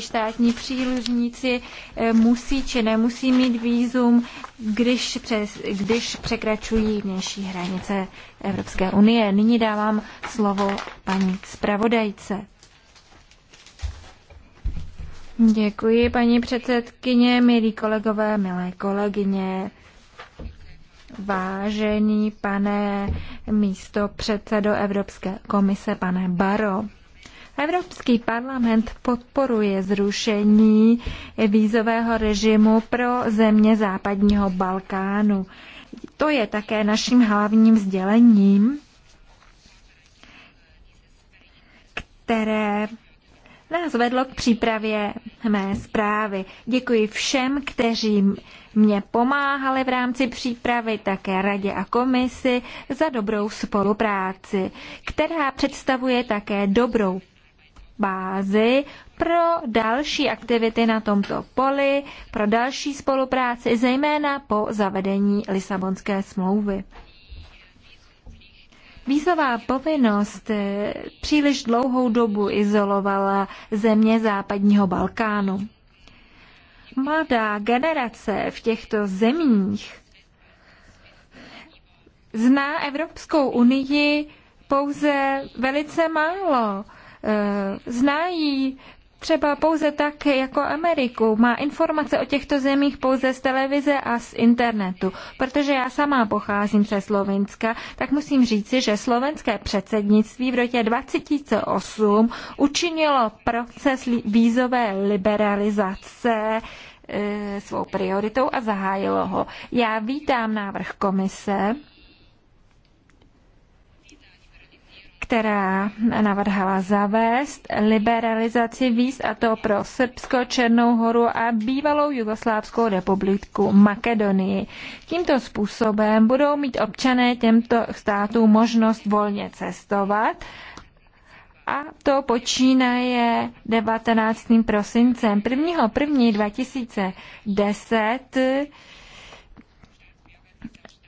státní přílužníci eh, musí či nemusí mít výzum, když, přes, když překračují vnější hranice Evropské unie. Nyní dávám slovo paní zpravodajce. Děkuji, paní předsedkyně, milí kolegové, milé kolegyně. Vážený pane místo předsedo Evropské komise, pane Baro. Evropský parlament podporuje zrušení vízového režimu pro země západního Balkánu. To je také naším hlavním sdělením, které nás vedlo k přípravě mé zprávy. Děkuji všem, kteří mě pomáhali v rámci přípravy, také radě a komisi za dobrou spolupráci, která představuje také dobrou bázi pro další aktivity na tomto poli, pro další spolupráci, zejména po zavedení Lisabonské smlouvy. Vízová povinnost eh, příliš dlouhou dobu izolovala země západního Balkánu. Mladá generace v těchto zemích zná Evropskou unii pouze velice málo. Eh, znají třeba pouze tak jako Ameriku. Má informace o těchto zemích pouze z televize a z internetu. Protože já sama pocházím ze Slovenska, tak musím říci, že slovenské předsednictví v roce 2008 učinilo proces vízové liberalizace eh, svou prioritou a zahájilo ho. Já vítám návrh komise, která navrhala zavést liberalizaci víz a to pro Srbsko, Černou horu a bývalou Jugoslávskou republiku Makedonii. Tímto způsobem budou mít občané těmto státům možnost volně cestovat a to počínaje 19. prosincem 1. 1. 2010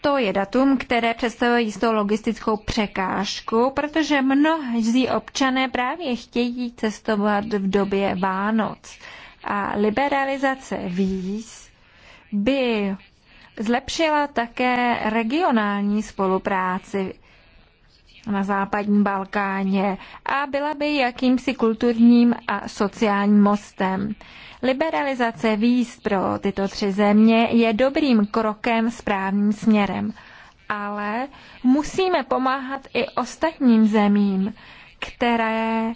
to je datum, které představuje jistou logistickou překážku, protože mnozí občané právě chtějí cestovat v době Vánoc. A liberalizace víz by zlepšila také regionální spolupráci na západním Balkáně a byla by jakýmsi kulturním a sociálním mostem. Liberalizace víz pro tyto tři země je dobrým krokem správným směrem, ale musíme pomáhat i ostatním zemím, které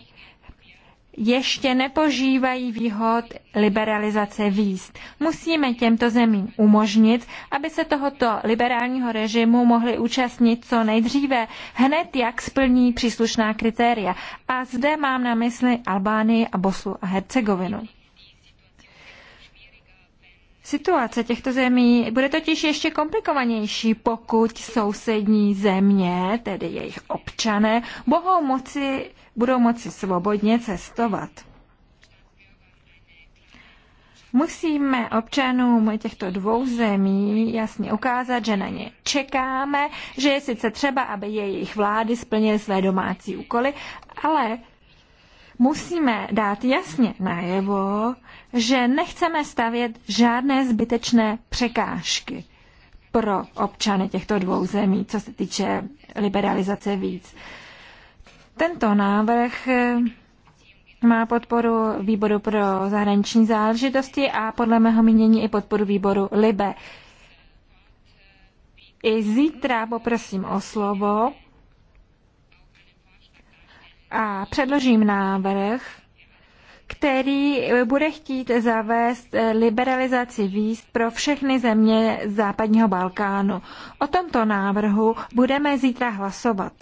ještě nepožívají výhod liberalizace víz. Musíme těmto zemím umožnit, aby se tohoto liberálního režimu mohli účastnit co nejdříve, hned jak splní příslušná kritéria. A zde mám na mysli Albánii a Bosnu a Hercegovinu. Situace těchto zemí bude totiž ještě komplikovanější, pokud sousední země, tedy jejich občané, budou moci, budou moci svobodně cestovat. Musíme občanům těchto dvou zemí jasně ukázat, že na ně čekáme, že je sice třeba, aby jejich vlády splnily své domácí úkoly, ale musíme dát jasně najevo, že nechceme stavět žádné zbytečné překážky pro občany těchto dvou zemí, co se týče liberalizace víc. Tento návrh eh, má podporu výboru pro zahraniční záležitosti a podle mého mínění i podporu výboru LIBE. I zítra poprosím o slovo a předložím návrh, který bude chtít zavést liberalizaci víz pro všechny země západního Balkánu. O tomto návrhu budeme zítra hlasovat.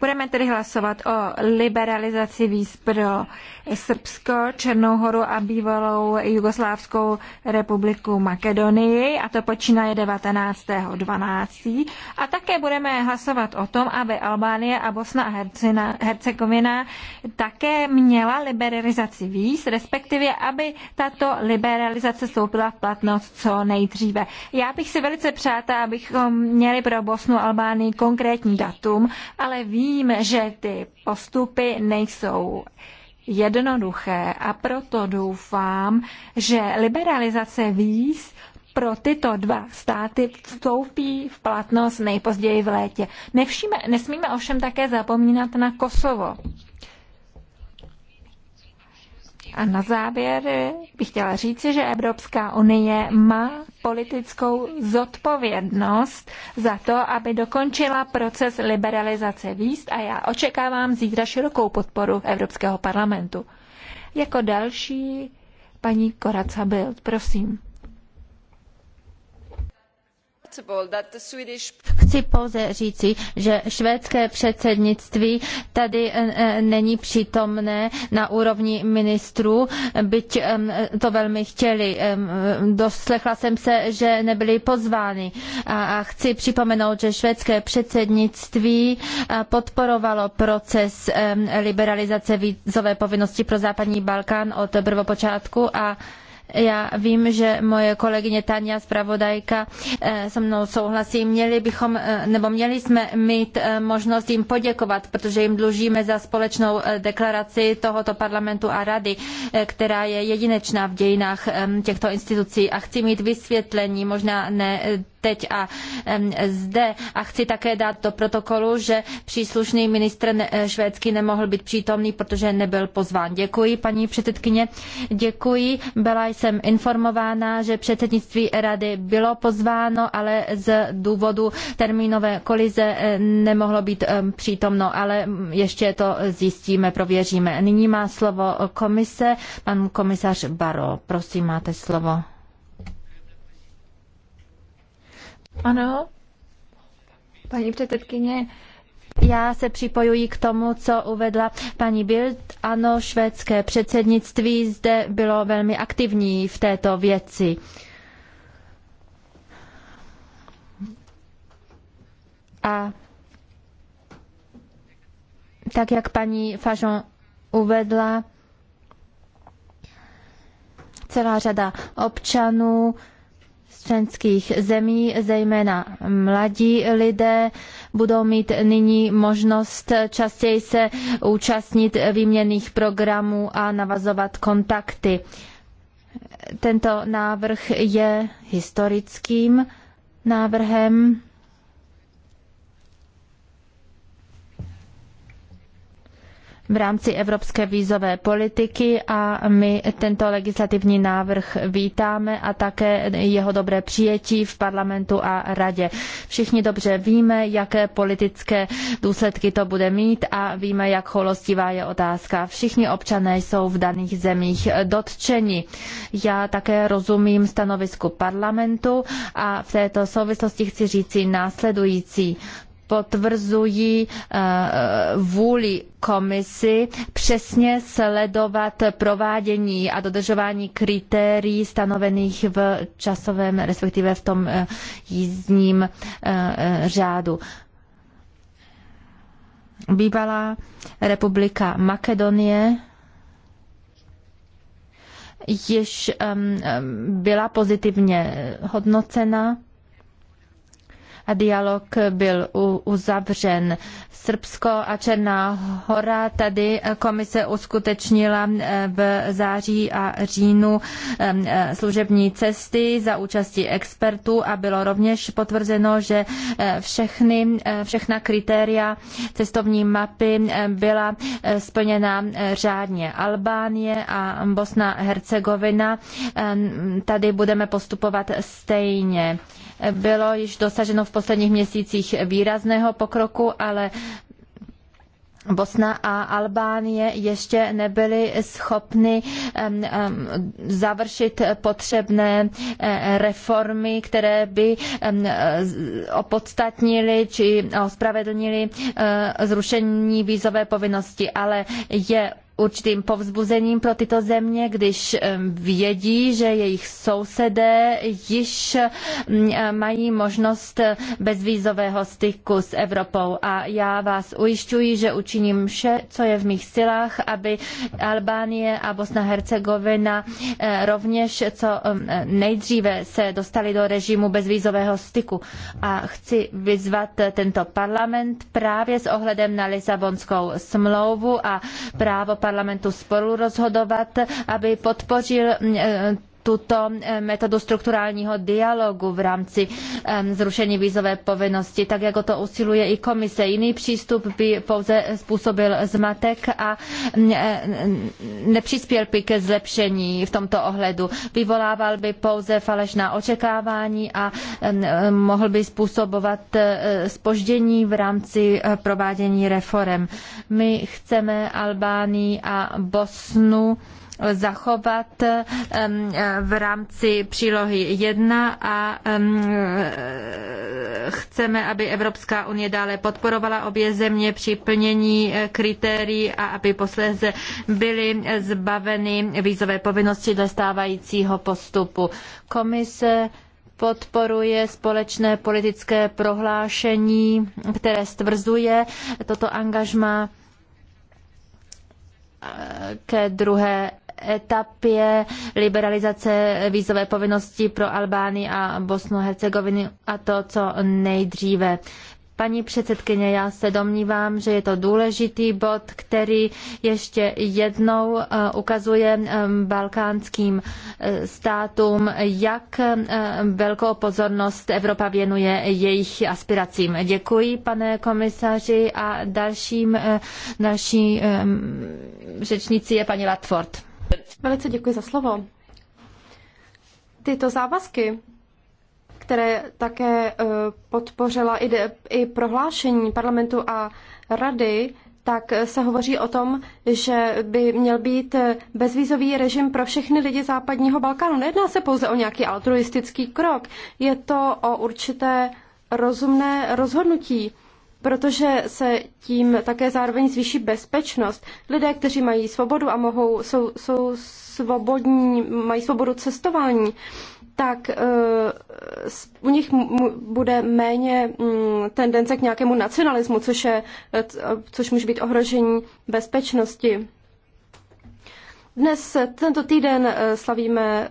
Budeme tedy hlasovat o liberalizaci víz pro Srbsko, Černou horu a bývalou Jugoslávskou republiku Makedonii, a to počínaje 19.12. A také budeme hlasovat o tom, aby Albánie a Bosna a Hercina, Hercegovina také měla liberalizaci víz, respektive aby tato liberalizace stoupila v platnost co nejdříve. Já bych si velice přála, abychom měli pro Bosnu a Albánii konkrétní datum, ale vím, Vím, že ty postupy nejsou jednoduché a proto doufám, že liberalizace víz pro tyto dva státy vstoupí v platnost nejpozději v létě. Nevšíme, nesmíme ovšem také zapomínat na Kosovo. A na závěr bych chtěla říci, že Evropská unie má politickou zodpovědnost za to, aby dokončila proces liberalizace výst a já očekávám zítra širokou podporu Evropského parlamentu. Jako další paní Koraca Bild, prosím. Chci pouze říci, že švédské předsednictví tady eh, eh, není přítomné na úrovni ministrů, byť to velmi chtěli. Doslechla jsem se, že nebyli pozváni. A chci připomenout, že švédské předsednictví eh, podporovalo proces liberalizace vízové povinnosti pro západní Balkán od prvopočátku a já vím, že moje kolegyně Tania zpravodajka eh, se mnou souhlasí. Měli bychom, eh, nebo měli jsme mít eh, možnost jim poděkovat, protože jim dlužíme za společnou deklaraci tohoto parlamentu a rady, která je jedinečná v dějinách těchto institucí. A chci mít vysvětlení, možná ne teď a zde. A chci také dát do protokolu, že příslušný ministr eh, švédský nemohl být přítomný, protože nebyl pozván. Děkuji, paní předsedkyně. Děkuji. Byla jsem informována, že předsednictví rady bylo pozváno, ale z důvodu termínové kolize eh, nemohlo být přítomno, ale mm, ještě to zjistíme, prověříme. Nyní má slovo komise, pan komisař Baro. Prosím, máte slovo. Ano, paní předsedkyně, já se připojuji k tomu, co uvedla paní Bild. Ano, švédské předsednictví zde bylo velmi aktivní v této věci. A tak, jak paní Fajon uvedla, celá řada občanů členských zemí, zejména mladí lidé, budou mít nyní možnost častěji se účastnit výměných programů a navazovat kontakty. Tento návrh je historickým návrhem v rámci evropské vízové politiky a my tento legislativní návrh vítáme a také jeho dobré přijetí v parlamentu a radě. Všichni dobře víme, jaké politické důsledky to bude mít a víme, jak holostivá je otázka. Všichni občané jsou v daných zemích dotčeni. Já také rozumím stanovisku parlamentu a v této souvislosti chci říci následující potvrzují eh, vůli komisi přesně sledovat provádění a dodržování kritérií stanovených v časovém, respektive v tom eh, jízdním eh, řádu. Bývalá republika Makedonie již byla pozitivně hodnocena dialog byl uzavřen. Srbsko a Černá hora tady komise uskutečnila eh, v září a říjnu eh, eh, služební cesty za účasti expertů a bylo rovněž potvrzeno, že všechny, všechna kritéria cestovní mapy byla splněna řádně. Albánie a Bosna Hercegovina, tady budeme postupovat stejně. Bylo již dosaženo v posledních měsících výrazného pokroku, ale Bosna a Albánie ještě nebyly schopny završit potřebné eh, reformy, které by opodstatnili, či ospravedlnili eh, zrušení vízové povinnosti, ale je určitým povzbuzením pro tyto země, když vědí, že jejich sousedé již mají možnost bezvízového styku s Evropou. A já vás ujišťuji, že učiním vše, co je v mých silách, aby Albánie a Bosna Hercegovina eh, rovněž co nejdříve se dostali do režimu bezvízového styku. A chci vyzvat tento parlament právě s ohledem na Lisabonskou smlouvu a právo parlamentu parlamentu spolu rozhodovat, aby podpořil eh, tuto eh, metodu strukturálního dialogu v rámci eh, zrušení vízové povinnosti, tak jako to usiluje i komise. Jiný přístup by pouze způsobil zmatek a mm, eh, nepřispěl by ke zlepšení v tomto ohledu. Vyvolával by pouze falešná očekávání a mm, mohl by způsobovat spoždění v rámci provádění reform. My chceme Albánii a Bosnu zachovat v rámci přílohy 1 a chceme, aby Evropská unie dále podporovala obě země při plnění eh, kritérií a aby posléze byly zbaveny vízové povinnosti dle stávajícího postupu. Komise podporuje společné politické prohlášení, které stvrzuje toto angažma eh, ke druhé etapě liberalizace vízové povinnosti pro Albány a Bosnu a Hercegovinu a to, co nejdříve. Paní předsedkyně, já se domnívám, že je to důležitý bod, který ještě jednou eh, ukazuje eh, balkánským eh, státům, jak velkou pozornost Evropa věnuje jejich aspiracím. Děkuji, pane komisaři, a dalším, další řečnici je paní Latford. Velice děkuji za slovo. Tyto závazky, které také eh, podpořila i, de, i prohlášení parlamentu a rady, tak se hovoří o tom, že by měl být bezvízový režim pro všechny lidi západního Balkánu. Nejedná se pouze o nějaký altruistický krok, je to o určité rozumné rozhodnutí protože se tím také zároveň zvýší bezpečnost. Lidé, kteří mají svobodu a mohou, jsou, jsou svobodní, mají svobodu cestování, tak uh, u nich bude méně mm, tendence k nějakému nacionalismu, což, je, eh, což může být ohrožení bezpečnosti. Dnes eh, tento týden slavíme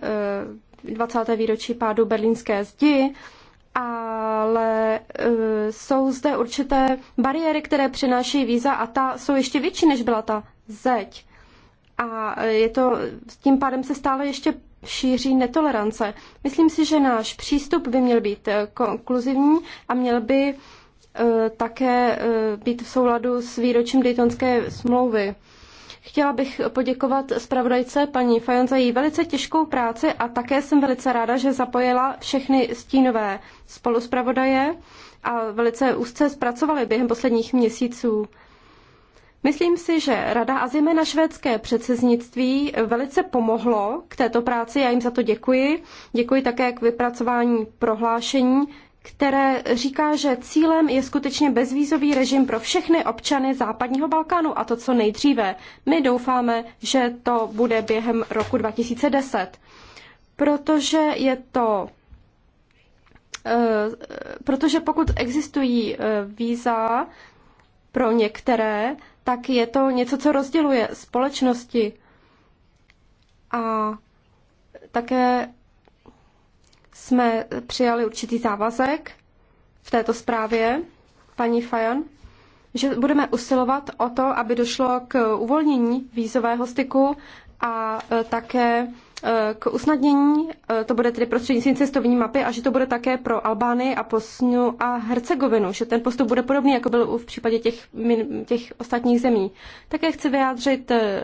20. výročí pádu berlínské zdi ale eh, jsou zde určité bariéry, které přináší víza a ta jsou ještě větší, než byla ta zeď. A eh, je to, tím pádem se stále ještě šíří netolerance. Myslím si, že náš přístup by měl být eh, konkluzivní a měl by také být v souladu s výročím Daytonské smlouvy. Chtěla bych poděkovat zpravodajce paní Fajon za její velice těžkou práci a také jsem velice ráda, že zapojila všechny stínové spoluzpravodaje a velice úzce zpracovali během posledních měsíců. Myslím si, že Rada a zejména švédské předsednictví velice pomohlo k této práci, já jim za to děkuji. Děkuji také k vypracování prohlášení, které říká, že cílem je skutečně bezvízový režim pro všechny občany západního Balkánu a to co nejdříve. My doufáme, že to bude během roku 2010, protože je to eh, protože pokud existují eh, víza pro některé, tak je to něco, co rozděluje společnosti. A také jsme přijali určitý závazek v této zprávě, paní Fajon, že budeme usilovat o to, aby došlo k uvolnění vízového styku a také k usnadnění, e, to bude tedy prostřednictvím cestovní mapy a že to bude také pro Albánii a Posnu a Hercegovinu, že ten postup bude podobný, jako byl v případě těch, těch ostatních zemí. Také chci vyjádřit e,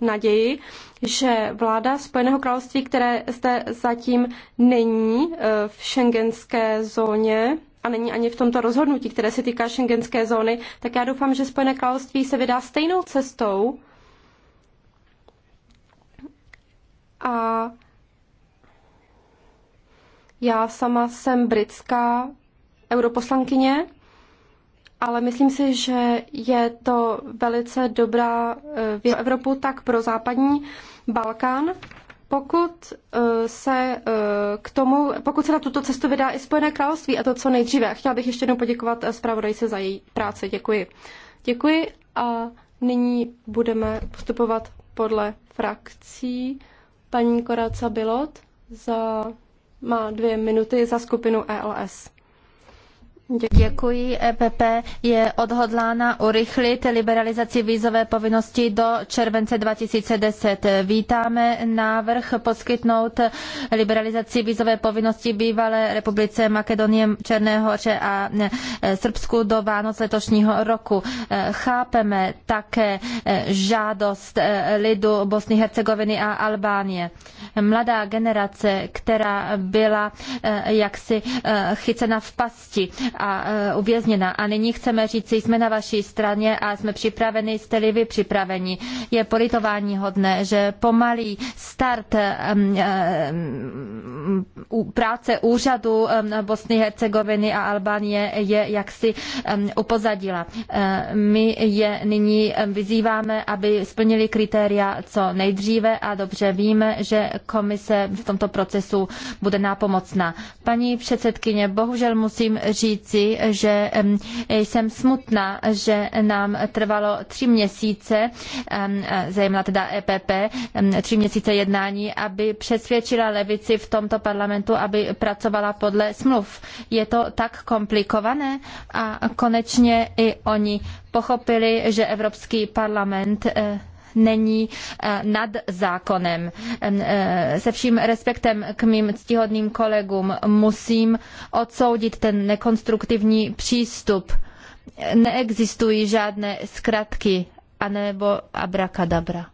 naději, že vláda Spojeného království, které zde zatím není e, v šengenské zóně, a není ani v tomto rozhodnutí, které se týká šengenské zóny, tak já doufám, že Spojené království se vydá stejnou cestou, a já sama jsem britská europoslankyně, ale myslím si, že je to velice dobrá eh, věc pro Evropu, tak pro západní Balkán. Pokud eh, se eh, k tomu, pokud se na tuto cestu vydá i Spojené království a to co nejdříve. Chtěla bych ještě jednou poděkovat zpravodajce za její práci. Děkuji. Děkuji a nyní budeme postupovat podle frakcí. Paní Koraca Bilot za, má dvě minuty za skupinu ELS. Děkuji. EPP je odhodlána urychlit liberalizaci vízové povinnosti do července 2010. Vítáme návrh poskytnout liberalizaci vízové povinnosti bývalé republice Makedonie, Černé hoře a e, Srbsku do Vánoc letošního roku. E, chápeme také e, žádost lidu Bosny, Hercegoviny a Albánie. Mladá generace, která byla jaksi chycena v pasti, a e, uvězněna. A nyní chceme říct, jsme na vaší straně a jsme připraveni, jste-li vy připraveni. Je politování hodné, že pomalý start e, e, práce úřadu Bosny, Hercegoviny a Albánie je jaksi upozadila. My je nyní vyzýváme, aby splnili kritéria co nejdříve a dobře víme, že komise v tomto procesu bude nápomocná. Paní předsedkyně, bohužel musím říci, že jsem smutná, že nám trvalo tři měsíce, zejména teda EPP, tři měsíce jednání, aby přesvědčila levici v tomto tohoto parlamentu, aby pracovala podle smluv. Je to tak komplikované a konečně i oni pochopili, že Evropský parlament eh, není eh, nad zákonem. Eh, se vším respektem k mým ctihodným kolegům musím odsoudit ten nekonstruktivní přístup. Neexistují žádné zkratky anebo abrakadabra.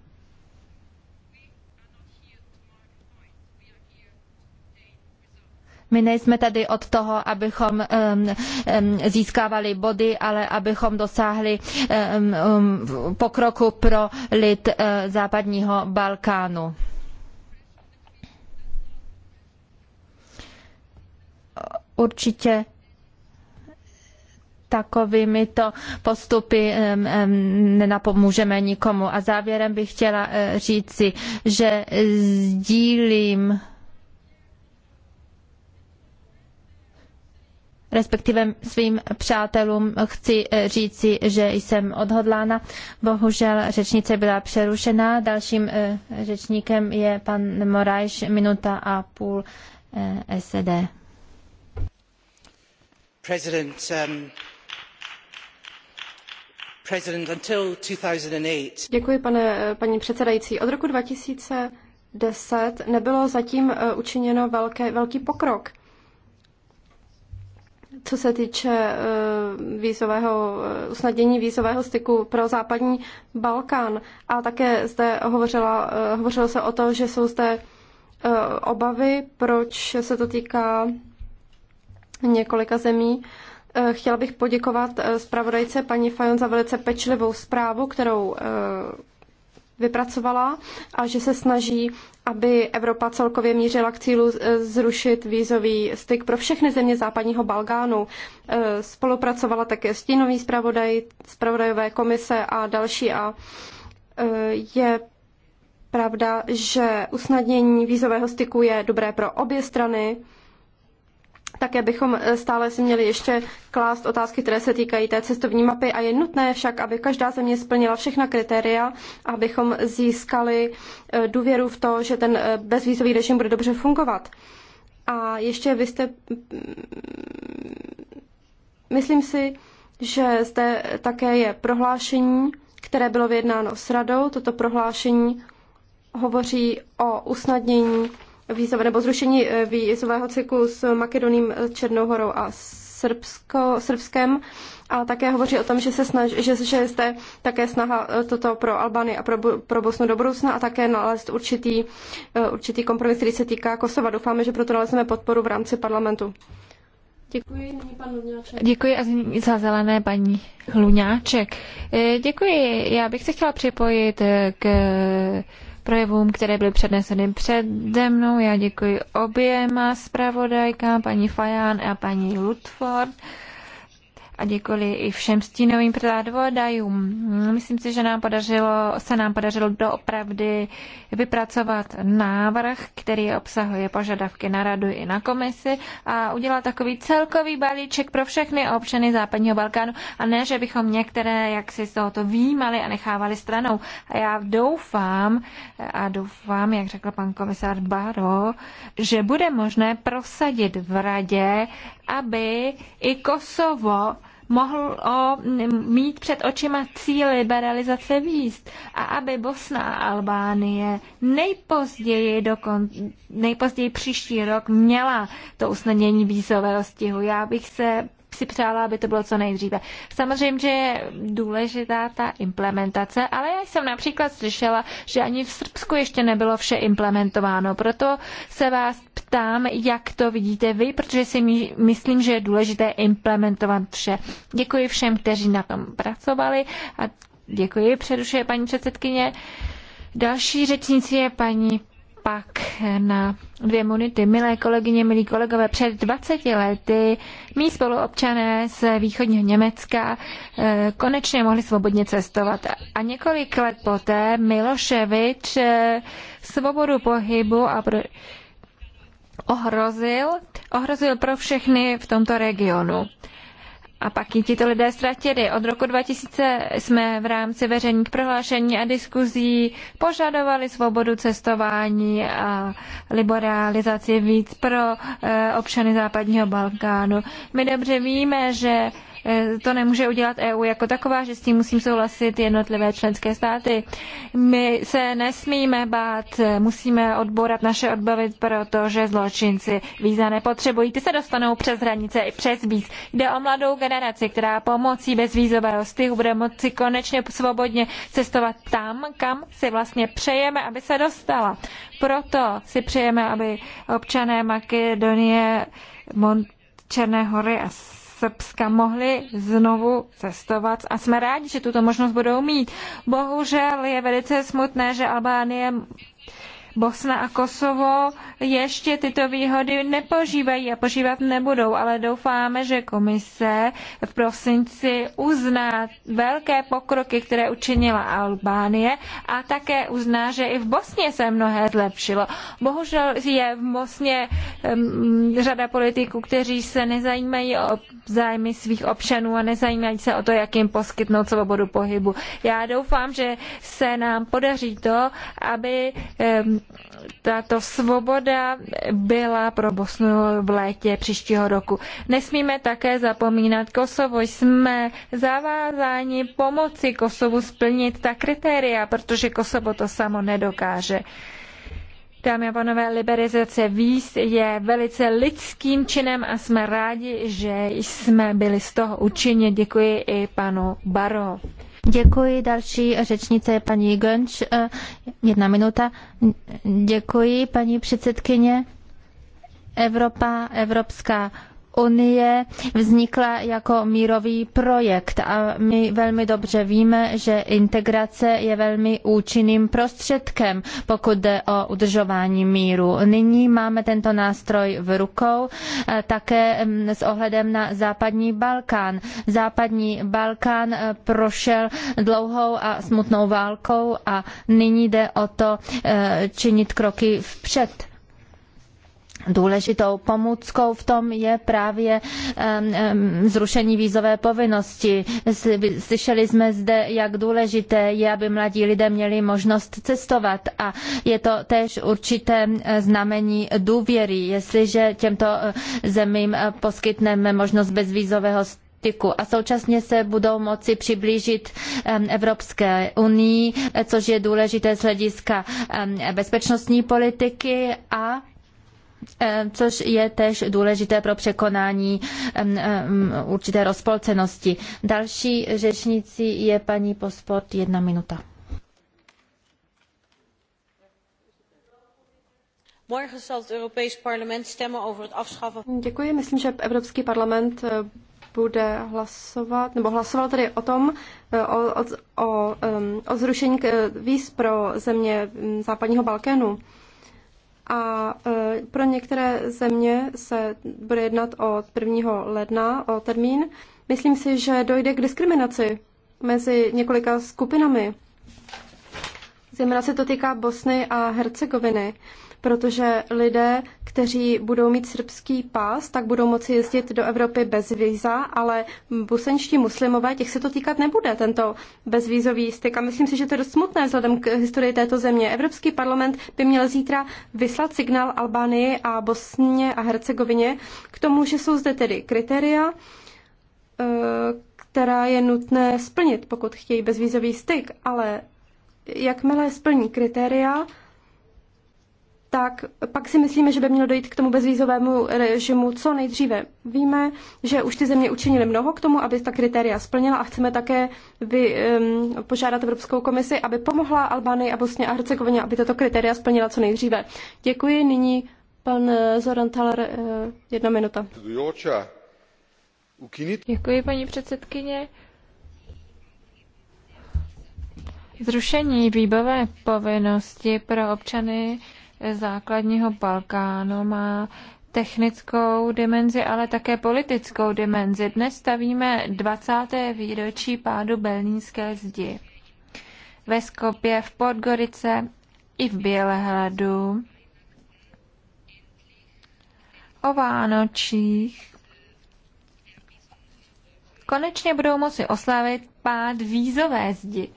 My nejsme tady od toho, abychom získávali body, ale abychom dosáhli pokroku pro lid eh, západního Balkánu. Určitě takovými to postupy nenapomůžeme nikomu. A závěrem bych chtěla eh, říci, že sdílím respektive svým přátelům chci eh, říci, že jsem odhodlána. Bohužel řečnice byla přerušena. Dalším eh, řečníkem je pan Morajš, minuta a půl eh, SED. President, um... Děkuji, pane, paní předsedající. Od roku 2010 nebylo zatím učiněno velké, velký pokrok co se týče e, vízového, e, usnadnění vízového styku pro západní Balkán. A také zde hovořila, e, hovořilo se o to, že jsou zde obavy, proč se to týká několika zemí. Chtěla bych poděkovat zpravodajce paní Fajon za velice pečlivou zprávu, kterou vypracovala a že se snaží, aby Evropa celkově mířila k cílu eh, zrušit vízový styk pro všechny země západního Balkánu. Eh, spolupracovala také stínový zpravodaj, zpravodajové komise a další a eh, je pravda, že usnadnění vízového styku je dobré pro obě strany. Také bychom e, stále si měli ještě klást otázky, které se týkají té cestovní mapy a je nutné však, aby každá země splnila všechna kritéria, abychom získali e, důvěru v to, že ten e, bezvýzový režim bude dobře fungovat. A ještě vy jste, mm, myslím si, že zde také je prohlášení, které bylo vyjednáno s radou. Toto prohlášení hovoří o usnadnění vízové nebo zrušení eh, vízového cyklu s Makedoním, eh, Černou horou a Srbsko, Srbskem a také hovoří o tom, že se snaž, že, že jste také snaha eh, toto pro Albány a pro, pro Bosnu do budoucna a také nalézt určitý, určitý kompromis, který se týká Kosova. Doufáme, že proto nalezeme podporu v rámci parlamentu. Děkuji, pan Děkuji za zelené paní Hluňáček. Děkuji. Já bych se chtěla připojit k projevům, které byly předneseny přede mnou. Já děkuji oběma zpravodajkám, paní Fajan a paní Lutford a děkuji i všem stínovým předvodajům. Myslím si, že nám podařilo, se nám podařilo doopravdy vypracovat návrh, který obsahuje požadavky na radu i na komisi a udělat takový celkový balíček pro všechny občany západního Balkánu a ne, že bychom některé jak si z tohoto výjímali a nechávali stranou. A já doufám, a doufám, jak řekl pan komisár Baro, že bude možné prosadit v radě, aby i Kosovo o, mít před očima cíl liberalizace výst, a aby Bosna a Albánie nejpozději, dokon, nejpozději příští rok měla to usnadnění vízového stihu. Já bych se si přála, aby to bylo co nejdříve. Samozřejmě, že je důležitá ta implementace, ale já jsem například slyšela, že ani v Srbsku ještě nebylo vše implementováno. Proto se vás ptám, jak to vidíte vy, protože si myslím, že je důležité implementovat vše. Děkuji všem, kteří na tom pracovali a děkuji, přerušuje paní předsedkyně. Další řečnici je paní pak na dvě minuty. Milé kolegyně, milí kolegové, před 20 lety mý spoluobčané z východního Německa eh, konečně mohli svobodně cestovat. A několik let poté Miloševič eh, svobodu pohybu a pro ohrozil, ohrozil pro všechny v tomto regionu. A pak tito lidé ztratili. Od roku 2000 jsme v rámci veřejných prohlášení a diskuzí požadovali svobodu cestování a liberalizaci víc pro eh, občany západního Balkánu. My dobře víme, že Eh, to nemůže udělat EU jako taková, že s tím musím souhlasit jednotlivé členské státy. My se nesmíme bát, eh, musíme odborat naše odbavy, protože zločinci víza nepotřebují. Ty se dostanou přes hranice i přes víc. Jde o mladou generaci, která pomocí bezvízového styku bude moci konečně svobodně cestovat tam, kam si vlastně přejeme, aby se dostala. Proto si přejeme, aby občané Makedonie, Mont- Černé hory a Srbska mohli znovu cestovat a jsme rádi, že tuto možnost budou mít. Bohužel je velice smutné, že Albánie Bosna a Kosovo ještě tyto výhody nepožívají a požívat nebudou, ale doufáme, že komise v prosinci uzná velké pokroky, které učinila Albánie a také uzná, že i v Bosně se mnohé zlepšilo. Bohužel je v Bosně um, řada politiků, kteří se nezajímají o zájmy svých občanů a nezajímají se o to, jak jim poskytnout svobodu pohybu. Já doufám, že se nám podaří to, aby um, tato svoboda byla pro Bosnu v létě příštího roku. Nesmíme také zapomínat Kosovo. Jsme zavázáni pomoci Kosovu splnit ta kritéria, protože Kosovo to samo nedokáže. Dámy a pánové, liberizace víz je velice lidským činem a jsme rádi, že jsme byli z toho učiněni. Děkuji i panu Baro. Děkuji. Další řečnice je paní Gönč. Eh, jedna minuta. Děkuji, paní předsedkyně. Evropa, Evropská unie vznikla jako mírový projekt a my velmi dobře víme, že integrace je velmi účinným prostředkem, pokud jde o udržování míru. Nyní máme tento nástroj v rukou eh, také mm, s ohledem na západní Balkán. Západní Balkán eh, prošel dlouhou a smutnou válkou a nyní jde o to eh, činit kroky vpřed Důležitou pomůckou v tom je právě zrušení vízové povinnosti. Slyšeli jsme zde, jak důležité je, aby mladí lidé měli možnost cestovat a je to též určité znamení důvěry, jestliže těmto eh, zemím eh, poskytneme možnost bezvízového styku a současně se budou moci přiblížit Evropské unii, což je důležité z hlediska bezpečnostní politiky a Eh, což je tež důležité pro překonání určité rozpolcenosti. Další řečnicí je paní Posport, jedna minuta. Děkuji, myslím, že Evropský parlament eh, bude hlasovat, nebo hlasoval tady o tom, eh, o, o, o, o zrušení víz pro země mm, západního Balkánu a e, pro některé země se bude jednat od 1. ledna o termín. Myslím si, že dojde k diskriminaci mezi několika skupinami. Zejména se to týká Bosny a Hercegoviny protože lidé, kteří budou mít srbský pás, tak budou moci jezdit do Evropy bez víza, ale busenští muslimové, těch se to týkat nebude, tento bezvízový styk. A myslím si, že to je dost smutné vzhledem k historii této země. Evropský parlament by měl zítra vyslat signál Albánii a Bosně a Hercegovině k tomu, že jsou zde tedy kritéria, e, která je nutné splnit, pokud chtějí bezvízový styk, ale jakmile splní kritéria, tak pak si myslíme, že by mělo dojít k tomu bezvízovému režimu co nejdříve. Víme, že už ty země učinily mnoho k tomu, aby ta kritéria splnila a chceme také vy, um, požádat Evropskou komisi, aby pomohla Albánii a Bosně a Hercegovině, aby tato kritéria splnila co nejdříve. Děkuji. Nyní pan eh, Zoran uh, jedna minuta. Děkuji, paní předsedkyně. Zrušení výbové povinnosti pro občany základního Balkánu má technickou dimenzi, ale také politickou dimenzi. Dnes stavíme 20. výročí pádu Berlínské zdi. Ve Skopě, v Podgorice i v Bělehradu. O Vánočích konečně budou moci oslavit pád vízové zdi.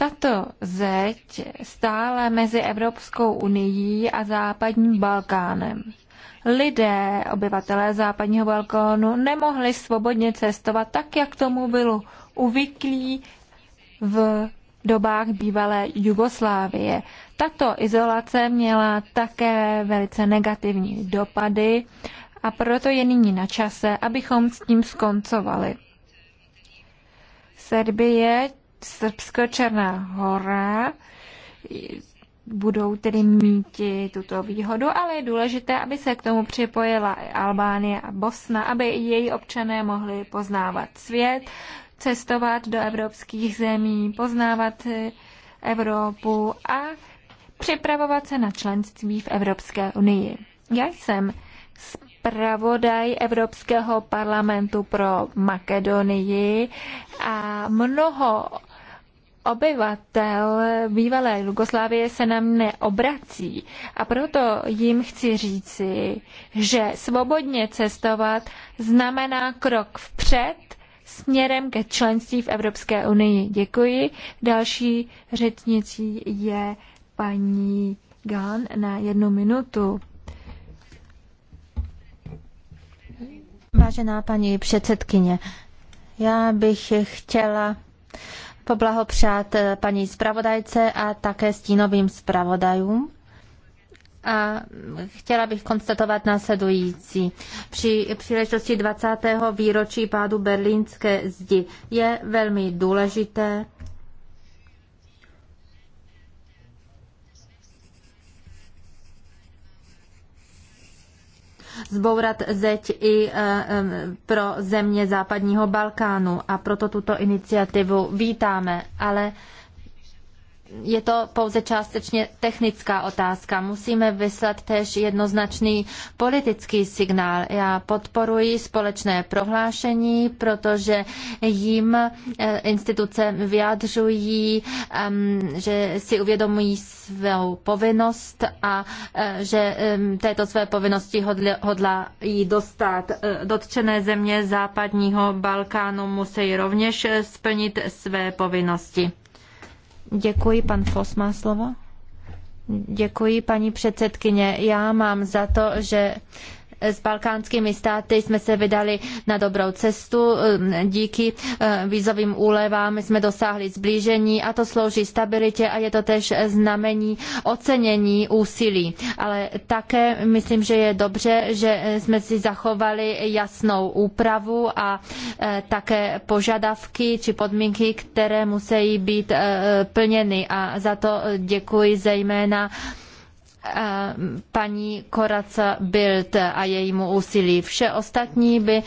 Tato zeď stále mezi Evropskou unii a západním Balkánem. Lidé, obyvatelé západního Balkánu, nemohli svobodně cestovat tak, jak tomu bylo uvyklí v dobách bývalé Jugoslávie. Tato izolace měla také velice negativní dopady a proto je nyní na čase, abychom s tím skoncovali. Serbie Srbsko, Černá hora budou tedy mít tuto výhodu, ale je důležité, aby se k tomu připojila i Albánie a Bosna, aby i její občané mohli poznávat svět, cestovat do evropských zemí, poznávat Evropu a připravovat se na členství v Evropské unii. Já jsem zpravodaj Evropského parlamentu pro Makedonii a mnoho obyvatel bývalé Jugoslávie se na mne obrací a proto jim chci říci, že svobodně cestovat znamená krok vpřed směrem ke členství v Evropské unii. Děkuji. Další řečnicí je paní Gán na jednu minutu. Vážená paní předsedkyně, já bych chtěla poblahopřát eh, paní zpravodajce a také stínovým zpravodajům. A chtěla bych konstatovat následující. Při příležitosti 20. výročí pádu berlínské zdi je velmi důležité, zbourat zeď i eh, pro země západního Balkánu a proto tuto iniciativu vítáme, ale je to pouze částečně technická otázka. Musíme vyslat též jednoznačný politický signál. Já podporuji společné prohlášení, protože jim eh, instituce vyjadřují, ehm, že si uvědomují svou povinnost a eh, že ehm, této své povinnosti hodla jí dostat. Eh, dotčené země západního Balkánu musí rovněž splnit své povinnosti. Děkuji, pan Fos má slovo. Děkuji, paní předsedkyně. Já mám za to, že s balkánskými státy jsme se vydali na dobrou cestu. Eh, díky eh, vízovým úlevám jsme dosáhli zblížení a to slouží stabilitě a je to tež znamení ocenění úsilí. Ale také myslím, že je dobře, že eh, jsme si zachovali jasnou úpravu a také požadavky či podmínky, které musí být plněny a za to děkuji zejména paní Koraca Bild a jejímu úsilí. Vše ostatní by eh,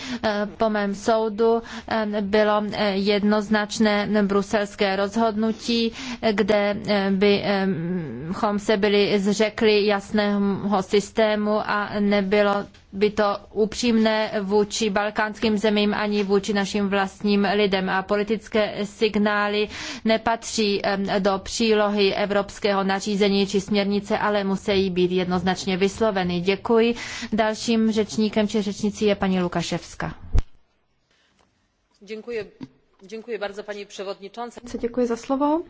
po mém soudu eh, bylo eh, jednoznačné bruselské rozhodnutí, kde bychom se byli zřekli jasného systému a nebylo by to upřímné vůči balkánským zemím ani vůči našim vlastním lidem. A politické signály nepatří do přílohy evropského nařízení či směrnice, ale musí být jednoznačně vysloveny. Děkuji. Dalším řečníkem či řečnicí je paní Lukaševska. Děkuji. Děkuji bardzo, paní předsedající. Děkuji za slovo.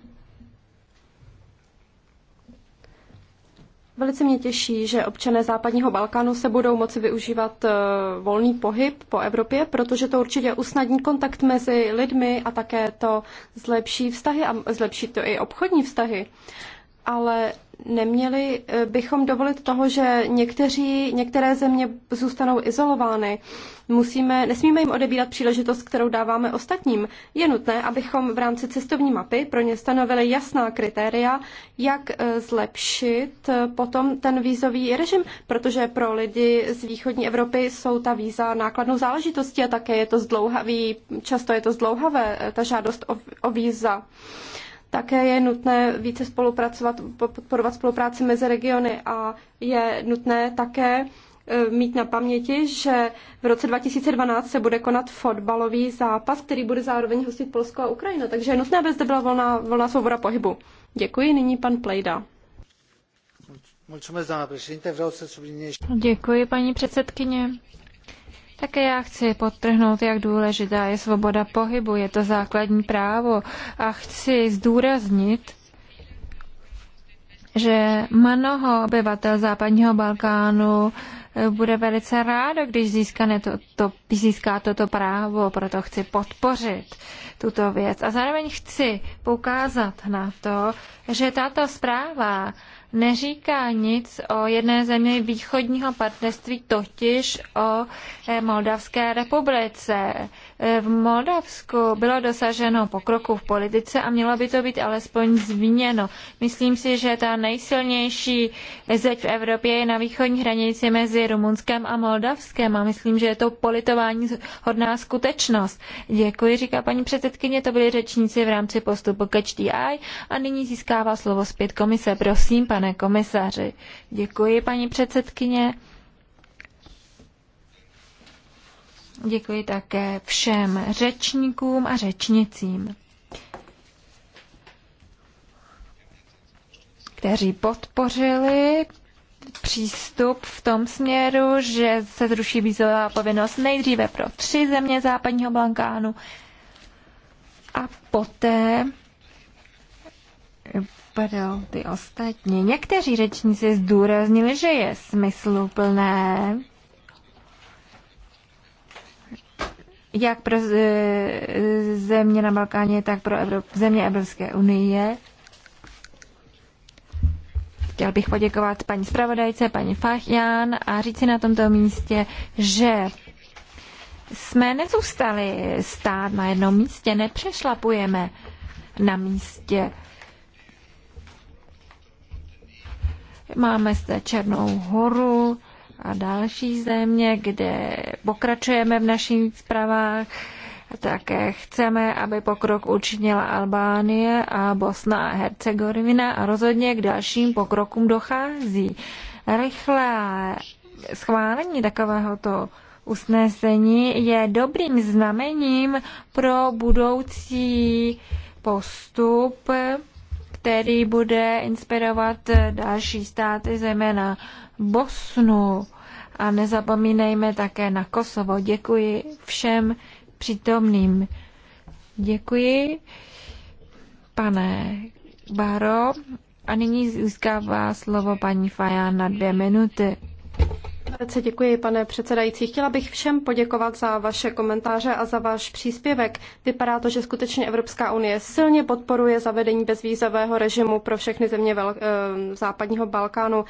Velice mě těší, že občané západního Balkánu se budou moci využívat eh, volný pohyb po Evropě, protože to určitě usnadní kontakt mezi lidmi a také to zlepší vztahy a zlepší to i obchodní vztahy ale neměli eh, bychom dovolit toho, že někteří, některé země zůstanou izolovány. Musíme, nesmíme jim odebírat příležitost, kterou dáváme ostatním. Je nutné, abychom v rámci cestovní mapy pro ně stanovili jasná kritéria, jak eh, zlepšit eh, potom ten vízový režim, protože pro lidi z východní Evropy jsou ta víza nákladnou záležitostí a také je to zdlouhavý, často je to zdlouhavé, ta žádost o, o víza. Také je nutné více spolupracovat, podporovat spolupráci mezi regiony a je nutné také e, mít na paměti, že v roce 2012 se bude konat fotbalový zápas, který bude zároveň hostit Polsko a Ukrajina, takže je nutné, aby zde byla volná, volná svoboda pohybu. Děkuji, nyní pan Plejda. Děkuji, paní předsedkyně. Také já chci podtrhnout, jak důležitá je svoboda pohybu, je to základní právo a chci zdůraznit, že mnoho obyvatel západního Balkánu eh, bude velice rádo, když, získane to, to, když získá toto právo, proto chci podpořit tuto věc. A zároveň chci poukázat na to, že tato zpráva neříká nic o jedné zemi východního partnerství, totiž o eh, Moldavské republice. Eh, v Moldavsku bylo dosaženo pokroku v politice a mělo by to být alespoň zmíněno. Myslím si, že ta nejsilnější zeď v Evropě je na východní hranici mezi Rumunskem a Moldavskem a myslím, že je to politování hodná skutečnost. Děkuji, říká paní předsedkyně, to byli řečníci v rámci postupu ke HDI a nyní získává slovo zpět komise. Prosím, pane pane komisaři. Děkuji, paní předsedkyně. Děkuji také všem řečníkům a řečnicím, kteří podpořili přístup v tom směru, že se zruší vízová povinnost nejdříve pro tři země západního Balkánu a poté Pardon, ty ostatní. Někteří řečníci zdůraznili, že je smysluplné jak pro eh, země na Balkáně, tak pro Evrop, země Evropské unie. Chtěl bych poděkovat paní zpravodajce, paní Fachian a říci na tomto místě, že jsme nezůstali stát na jednom místě, nepřešlapujeme na místě Máme zde Černou horu a další země, kde pokračujeme v našich zprávách. Také chceme, aby pokrok učinila Albánie a Bosna a Hercegovina a rozhodně k dalším pokrokům dochází. Rychlé schválení takovéhoto usnesení je dobrým znamením pro budoucí postup který bude inspirovat eh, další státy, zejména Bosnu. A nezapomínejme také na Kosovo. Děkuji všem přítomným. Děkuji, pane Baro. A nyní získává slovo paní Fajan na dvě minuty. Velice děkuji, pane předsedající. Chtěla bych všem poděkovat za vaše komentáře a za váš příspěvek. Vypadá to, že skutečně Evropská unie silně podporuje zavedení bezvízového režimu pro všechny země vel, eh, západního Balkánu.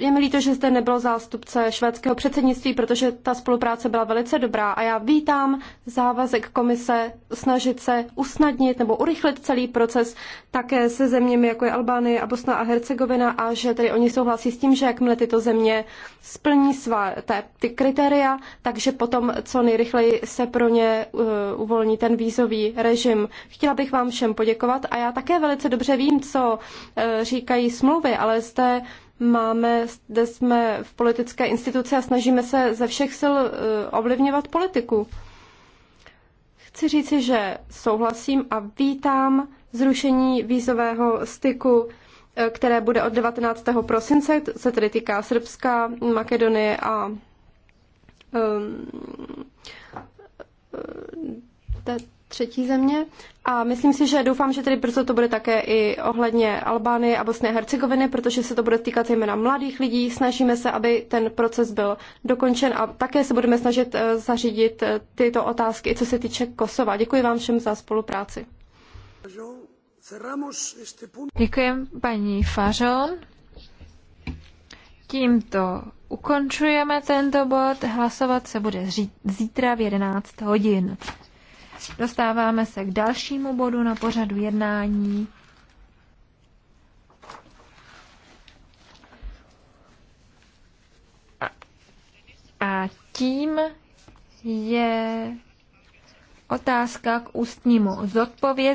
Je mi líto, že zde nebylo zástupce švédského předsednictví, protože ta spolupráce byla velice dobrá a já vítám závazek komise snažit se usnadnit nebo urychlit celý proces také se zeměmi, jako je Albánie a Bosna a Hercegovina a že tedy oni souhlasí s tím, že jakmile tyto země splní svá, té, ty kritéria, takže potom co nejrychleji se pro ně uh, uvolní ten vízový režim. Chtěla bych vám všem poděkovat a já také velice dobře vím, co uh, říkají smlouvy, ale zde máme, zde jsme v politické instituci a snažíme se ze všech sil uh, ovlivňovat politiku. Chci říci, že souhlasím a vítám zrušení vízového styku Eh, které bude od 19. prosince, se tedy týká Srbska, Makedonie a ehm, té třetí země. A myslím si, že doufám, že tedy brzo to bude také i ohledně Albány a Bosny a Hercegoviny, protože se to bude týkat zejména mladých lidí. Snažíme se, aby ten proces byl dokončen a také se budeme snažit eh, zařídit eh, tyto otázky, co se týče Kosova. Děkuji vám všem za spolupráci. Děkuji, paní Fažon. Tímto ukončujeme tento bod. Hlasovat se bude zítra v 11 hodin. Dostáváme se k dalšímu bodu na pořadu jednání. A tím je otázka k ústnímu zodpovězení.